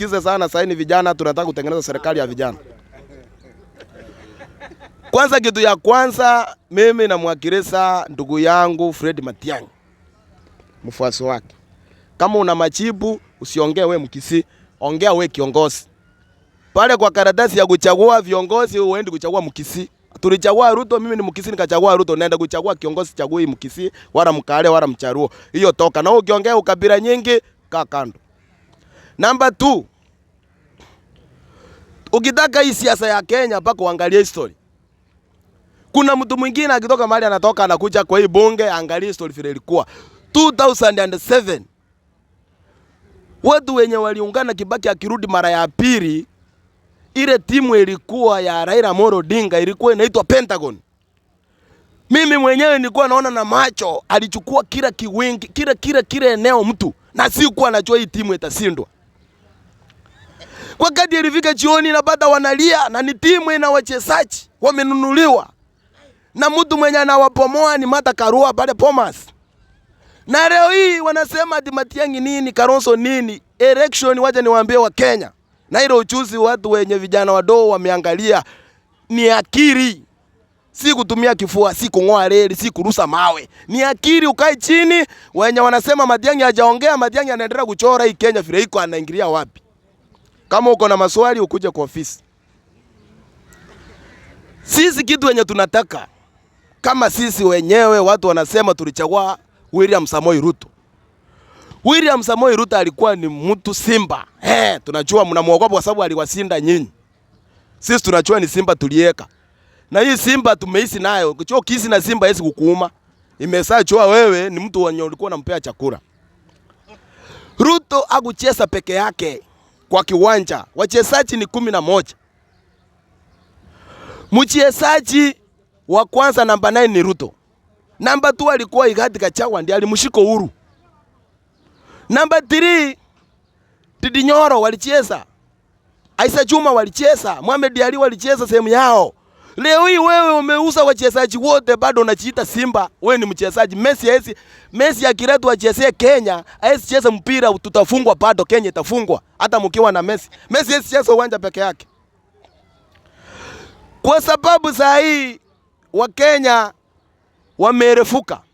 tusikize sana. Sasa ni vijana, tunataka kutengeneza serikali ya vijana. Kwanza, kitu ya kwanza mimi namwakilisa ndugu yangu Fred Matiang'i, mfuasi wake. Kama una majibu usiongee we mkisi, ongea we kiongozi pale kwa karatasi ya kuchagua viongozi. Uende kuchagua mkisi, tulichagua Ruto, mimi ni mkisi, nikachagua Ruto. Naenda kuchagua kiongozi, chagui mkisi, wala Mkale wala Mcharuo, hiyo toka na. Ukiongea ukabila nyingi, kaa kando. Namba Ukitaka hii siasa ya Kenya mpaka uangalie history. Kuna mtu mwingine akitoka mahali anatoka anakuja kwa hii bunge, angalia history vile ilikuwa 2007. Watu wenye waliungana Kibaki akirudi mara ya pili, ile timu ilikuwa ya Raila Moro Odinga, ilikuwa inaitwa Pentagon. Mimi mwenyewe nilikuwa naona na macho, alichukua kila kiwingi, kila kila kila eneo mtu, na sikuwa najua hii timu itasindwa. Wakati ilifika jioni, napata wanalia na ni timu ina wachezaji wamenunuliwa na mtu mwenye anawapomoa ni Mata Karua pale Pomas. Na leo hii wanasema ati Matiang'i nini, Karonso nini, election. Wacha niwaambie wa Kenya, na ile uchuzi watu wenye vijana wadogo wameangalia ni akili, si kutumia kifua, si kung'oa reli, si kurusa mawe, ni akili. Ukae chini, wenye wanasema Matiang'i hajaongea, Matiang'i anaendelea kuchora hii Kenya vile iko, anaingilia wapi? Kama uko na maswali ukuje kwa ofisi. Sisi kitu wenye tunataka kama sisi wenyewe watu wanasema tulichagua William Samoei Ruto. William Samoei Ruto alikuwa ni mtu simba. He, tunajua mnamuogopa kwa sababu aliwasinda nyinyi. Sisi tunajua ni simba tulieka. Na hii simba tumeishi nayo. Kicho kisi na simba hizi kukuuma. Imesachoa wewe ni mtu wenye ulikuwa unampea chakula. Ruto akucheza peke yake kwa kiwanja. Wachezaji ni kumi na moja. Mchezaji wa kwanza namba 9 ni Ruto. Namba 2 alikuwa Rigathi Gachagua ndiye alimshika uhuru. Namba 3 Didi Nyoro walicheza. Aisa Juma walicheza, Mohamed Ali walicheza sehemu yao. Leo hii wewe umeuza wachezaji wote, bado unajiita Simba. Wewe ni mchezaji Messi, hezi Messi akiletwa achezee Kenya, hezi cheza mpira, tutafungwa bado, Kenya itafungwa hata mkiwa na Messi. Messi hezi cheza uwanja peke yake, kwa sababu saa hii Kenya wamerefuka.